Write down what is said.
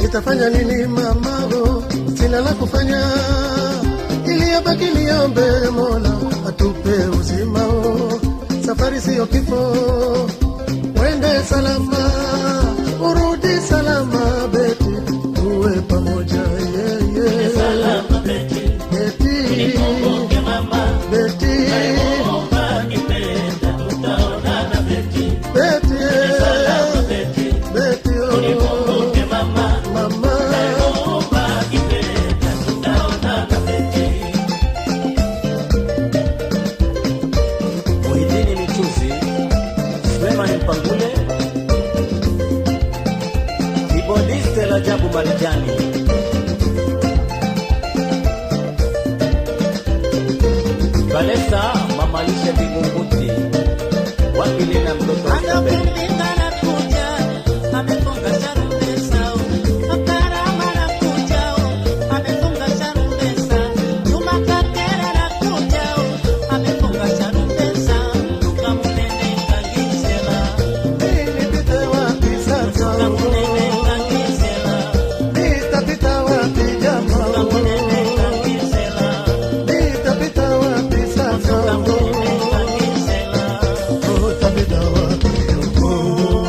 nitafanya nini mamao, sina la kufanya, iliyobaki niombe Mola atupe uzimao, safari siyo kifo, wende salama. Boniste la Jabu Marijani. Vanessa Mamalisha Bimunguti wakilina